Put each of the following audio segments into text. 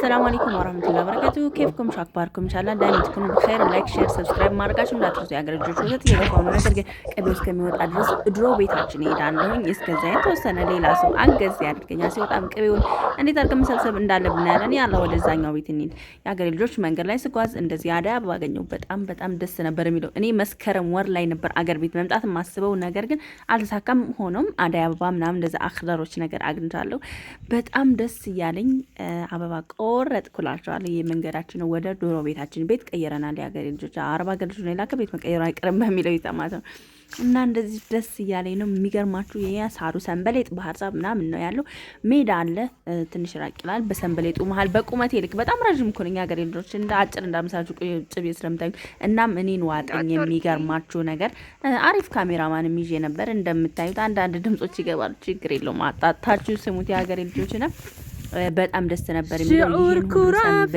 አሰላሙ አለይኩም ወራህመቱላ በረካቱ ኬፍኩም ሻክባርኩም ይቻላል ዳይነትኩም ብኸይር ላይክ ሼር ሰብስክራይብ ማድረጋችሁ እንዳትረሱ። የአገር ልጆች ወተት እየገፋው ነው። ነገር ግን ቅቤው እስከሚወጣ ድረስ ድሮ ቤታችን ይሄዳለሁኝ። እስከዛ የተወሰነ ሌላ ሰው አገዝ ያደርገኛል። ሲወጣም ቅቤውን እንዴት አድርገን መሰብሰብ እንዳለብን ያለን ያለ ወደዛኛው ቤት እንሂድ። የአገር ልጆች መንገድ ላይ ስጓዝ እንደዚህ አደይ አበባ በጣም በጣም ደስ ነበር የሚለው እኔ መስከረም ወር ላይ ነበር አገር ቤት መምጣት የማስበው፣ ነገር ግን አልተሳካም። ሆኖም አደይ አበባ ምናምን እንደዛ አክለሮች ነገር አግኝቻለሁ። በጣም ደስ እያለኝ አበባ ቆረጥኩላችኋለሁ። ይህ መንገዳችን ወደ ዶሮ ቤታችን ቤት ቀይረናል። የሀገሬ ልጆች አርባ ሀገር ልጆች ሌላ ከቤት መቀየሩ አይቀርም በሚለው ይጠማት ነው እና እንደዚህ ደስ እያለኝ ነው። የሚገርማችሁ የሳሩ ሰንበሌጥ ባህር ዛፍ ምናምን ነው ያለው። ሜዳ አለ፣ ትንሽ ራቅ ይላል። በሰንበሌጡ መሀል በቁመቴ ልክ በጣም ረዥም እኮ ነኝ የሀገሬ ልጆች፣ እንደ አጭር እንዳመሳችሁ ጭቤ ስለምታዩ እናም እኔን ዋጠኝ። የሚገርማችሁ ነገር አሪፍ ካሜራማንም ይዤ ነበር። እንደምታዩት አንዳንድ ድምጾች ይገባሉ፣ ችግር የለውም። አጣታችሁ ስሙት የሀገሬ ልጆች ነው በጣም ደስ ነበር የሚለውን ኩራፊ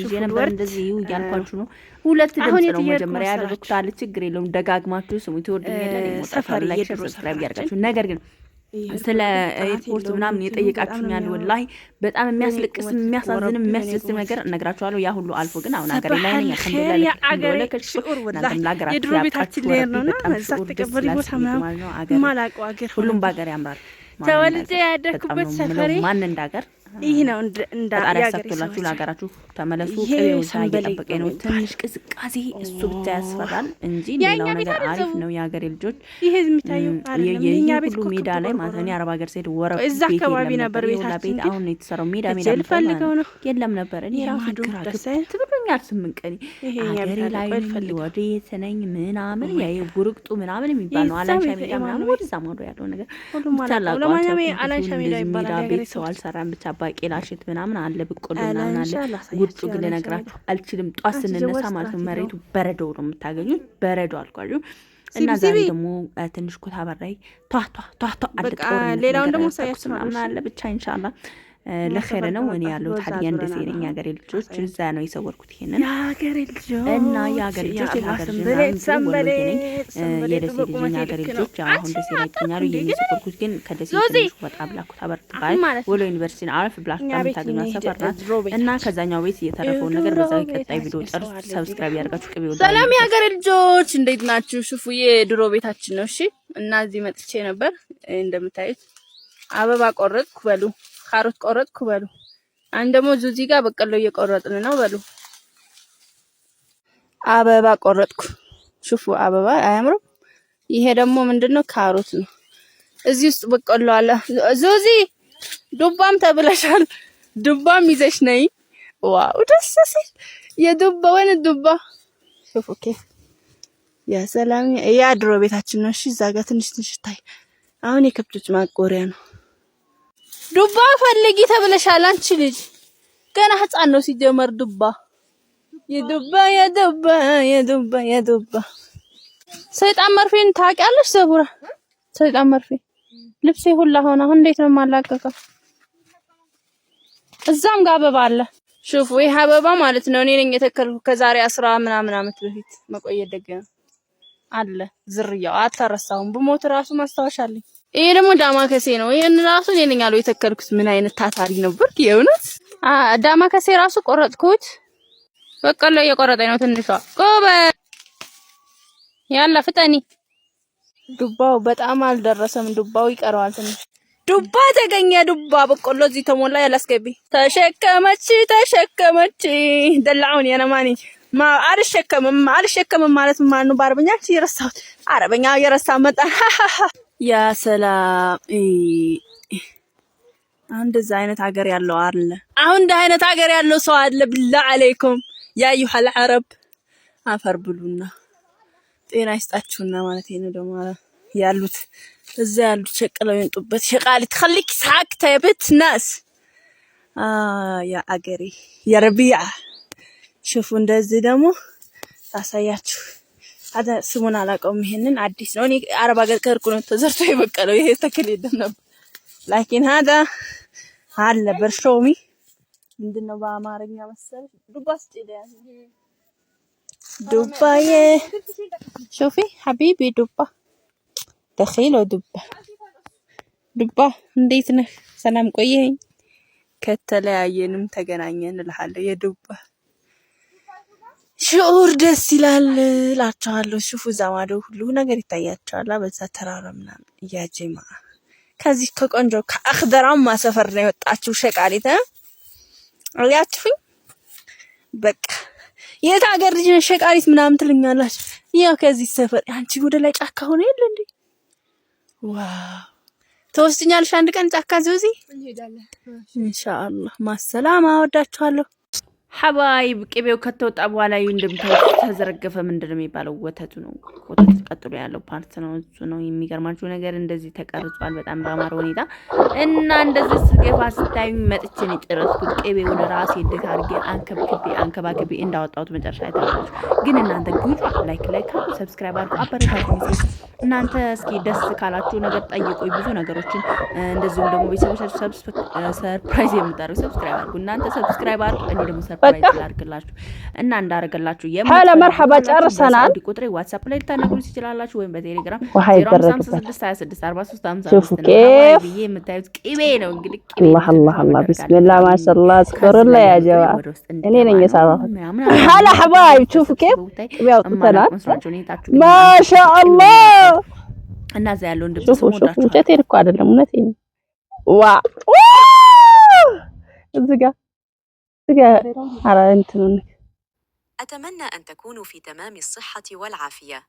እያልኳችሁ ነው። ሁለት ነው መጀመሪያ ያደረኩት አለ። ችግር የለውም ደጋግማችሁ ስሙ። ሄደ ሰፈር ላይ ሰብስክራይብ ያደርጋችሁ ነገር ግን ስለ ኤርፖርት ምናምን የጠየቃችሁኝ ያለ ወላሂ በጣም የሚያስለቅስ የሚያሳዝንም የሚያስደስትም ነገር እነግራችኋለሁ። ያ ሁሉ አልፎ ግን አሁን ሀገር ላይ የድሮ ቤታችን ላይ ነው ሁሉም በሀገር ያምራል። ተወልጄ ያደግኩበት ሰፈሬ ማን እንዳገር ይህ ነው እንዳያሰክላችሁ ለሀገራችሁ ተመለሱ። ቅቤውሳ እየጠበቀ ነው። ትንሽ ቅዝቃዜ እሱ ብቻ ያስፈራል እንጂ ሌላው ነገር አሪፍ ነው። የሀገሬ ልጆች ሁሉ ሜዳ ላይ ማለት ነው። አረብ ሀገር ስሄድ ወረ እዛ አካባቢ ነበር ቤታችን። አሁን ነው የተሰራው ሜዳ ሜዳ ልፈልገው ነው የለም ነበር። እኔ ራሱ ግራ ትብሎኛል። ስምንት ቀን ሀገሬ ላይ ወዴት ነኝ ምናምን ጉርቅጡ ምናምን የሚባል ነው። አላንሻ ሜዳ ምናምን ወደዛ ማዶ ያለው ነገር አላንሻ ሜዳ ይባላል። ሜዳ ቤት ሰው አልሰራም ብቻ ባቄላ፣ ሽንት ምናምን አለ፣ በቆሎ ምናምን አለ። ውጩ ግን ልነግራችሁ አልችልም። ጧት ስንነሳ ማለት ነው መሬቱ በረዶ ነው የምታገኙት። በረዶ አልኳሉ እና ዛሬ ደግሞ ትንሽ ኮታ በራይ ቷቷ ቷቷ አለ። ሳያስ ምናምን አለ ብቻ ኢንሻላህ ለኸረ ነው። እኔ ያለሁት ሀዲያ እንደዚህ ነኝ። የሀገሬ ልጆች እዛ ነው የሰወርኩት ይሄንን እና የሀገሬ ልጆች የሀገር ወሎዬ ነኝ። የደሴ ልጅ የሀገሬ ልጆች አሁን ደሴ ላይ ይገኛሉ። ይህን የሰወርኩት ግን ከደሴ ትንሽ ወጣ ብላኩ ታበርጥባል ወሎ ዩኒቨርሲቲ አረፍ ብላችሁ የምታገኟት ሰፈር ናት እና ከዛኛው ቤት እየተረፈውን ነገር በዛ ቀጣይ ቪዲዮ ጨርሱ። ሰብስክራይብ ያደርጋችሁ ቅቤ ወደ ሰላም የሀገሬ ልጆች እንዴት ናችሁ? ሽፉዬ ድሮ ቤታችን ነው እሺ። እና እዚህ መጥቼ ነበር እንደምታዩት አበባ ቆረጥኩ በሉ ካሮት ቆረጥኩ በሉ። አንድ ደግሞ ዙዚ ጋር በቀሎ እየቆረጥን ነው በሉ። አበባ ቆረጥኩ። ሹፉ አበባ አያምርም? ይሄ ደግሞ ምንድነው? ካሮት ነው። እዚህ ውስጥ በቀሎ አለ። ዙዚ ዱባም ተብለሻል። ዱባም ይዘሽ ነይ። ዋው ደስ ሲል የዱባ ወን ዱባ ሹፉ ኬ ያ ሰላም ያ ድሮ ቤታችን ነው። እሺ እዛ ጋር ትንሽ ትንሽ ታይ አሁን የከብቶች ማቆሪያ ነው። ዱባ ፈልጊ ተብለሻል። አንቺ ልጅ ገና ህፃን ነው ሲጀመር። ዱባ የዱባ የዱባ የዱባ የዱባ ሰይጣን መርፌን ታውቂያለሽ? ዘቡራ ሰይጣን መርፌ ልብሴ ሁላ ሆነ። አሁን እንዴት ነው የማላቀቀው? እዛም ጋር አበባ አለ። ሹፉ ይህ አበባ ማለት ነው እኔ ነኝ የተከልኩት ከዛሬ አስራ ምናምን አመት በፊት መቆየት ደግ ነው አለ ዝርያው አታረሳውም። ብሞት ራሱ ማስታወሻ አለኝ። ይሄ ደግሞ ዳማከሴ ነው። ይሄን ራሱ እኔ ነኝ አለው የተከልኩት። ምን አይነት ታታሪ ነው ብር የእውነት ዳማከሴ ራሱ ቆረጥኩት። በቀሎ እየቆረጠኝ ነው። ትንሿ ቆበ ያላ ፍጠኒ። ዱባው በጣም አልደረሰም። ዱባው ይቀረዋል ትንሽ። ዱባ ተገኘ። ዱባ በቆሎ እዚህ ተሞላ። ያላስገቢ ተሸከመች፣ ተሸከመች ደላውን የነማኒ ማ አልሸከምም፣ አልሸከምም ማለት ማን ነው በአረበኛ? እረሳሁት። አረበኛ እየረሳ መጣ ያ ሰላም አሁን እንደዛ አይነት ሀገር ያለው አለ። አሁን እንደ አይነት ሀገር ያለው ሰው አለ። ብላ አለይኩም ያ አዩሀል አረብ አፈር ብሉና ጤና ይስጣችሁና ማለት ነው። ደሞ ያሉት እዛ ያሉት ሸቅለው ይንጡበት ሸቃሊ ትኸሊክ ሳቅ ተብት ናስ ያ አገሬ የረቢያ ሽፉ እንደዚህ ደግሞ ታሳያችሁ ስሙን አላውቀውም። ይሄንን አዲስ ነው። እኔ አረብ ሀገር ከርኩ ነው ተዘርቶ የበቀለው ይሄ ተክል የለም ነበር። ላኪን ሀዳ አል በርሾሚ ሾሚ ምንድን ነው በአማርኛ መሰል ዱባስ ጤዳያዝ ዱባዬ ሾፊ ሀቢቢ ዱባ ተኺሎ ዱባ ዱባ እንዴት ነህ? ሰላም ቆየኝ። ከተለያየንም ተገናኘን እልሃለሁ የዱባ ሽዑር ደስ ይላል እላችኋለሁ። ሽፉ እዛ ማዶ ሁሉ ነገር ይታያቸዋል። በዛ ተራራ ምናምን እያጀማ ከዚህ ከቆንጆ ከአክደራማ ሰፈር ነው የወጣችሁ ሸቃሊት አያችሁኝ። በቃ የት ሀገር ልጅ ነሽ ሸቃሊት ምናምን ትልኛላችሁ። ያው ከዚህ ሰፈር አንቺ ወደ ላይ ጫካ ሆነ የለ እንዴ? ዋው አንድ ቀን ጫካ ዚ እዚህ እንሄዳለን ኢንሻአላህ። ማሰላማ ወዳችኋለሁ። ሀባይብ ቅቤው ከተወጣ በኋላ ዩ እንደምታዩት ተዘረገፈ። ምንድን ነው የሚባለው? ወተቱ ነው። ወተቱ ቀጥሎ ያለው ፓርት ነው። እሱ ነው የሚገርማችሁ ነገር እንደዚህ ተቀርጿል፣ በጣም በአማረ ሁኔታ እና እንደዚህ ስገፋ ስታዩ መጥችን የጨረስኩት ቅቤውን ራሴ ድት አድርጌ አንከብክቤ አንከባክቤ እንዳወጣሁት መጨረሻ አይታለች። ግን እናንተ ጉጫ ላይክ ላይክ አሉ፣ ሰብስክራይብ አድርጉ፣ አበረታቱ። እናንተ እስኪ ደስ ካላችሁ ነገር ጠይቁኝ፣ ብዙ ነገሮችን እንደዚሁም ደግሞ ቤተሰቦቻችሁ ሰርፕራይዝ የምታደርጉ ሰብስክራይብ አድርጉ። እናንተ ሰብስክራይብ አድርጉ፣ እኔ ደግሞ ሰብስክራይብ እና እንዳደርግላችሁ ሀላ መርሐባ ጨርሰናል። ቁጥሬ ዋትሳፕ ላይ ልታናግሩ ትችላላችሁ፣ ወይም በቴሌግራም ብዬ የምታዩት ቅቤ ነው እንግዲህ አላ ቢስሚላ ማሻላ ስኮርላ ያጀባ እኔ ነኝ የሳባ ሀላ ኬፍ ቅቤ አውጥተናል ማሻአላ እና እዛ እንጨቴን እኮ አይደለም እውነቴን ዋ እዚህ ጋር على أتمنى أن تكونوا في تمام الصحة والعافية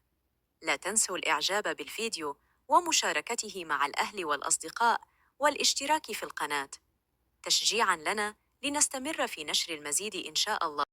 لا تنسوا الإعجاب بالفيديو ومشاركته مع الأهل والأصدقاء والاشتراك في القناة تشجيعا لنا لنستمر في نشر المزيد إن شاء الله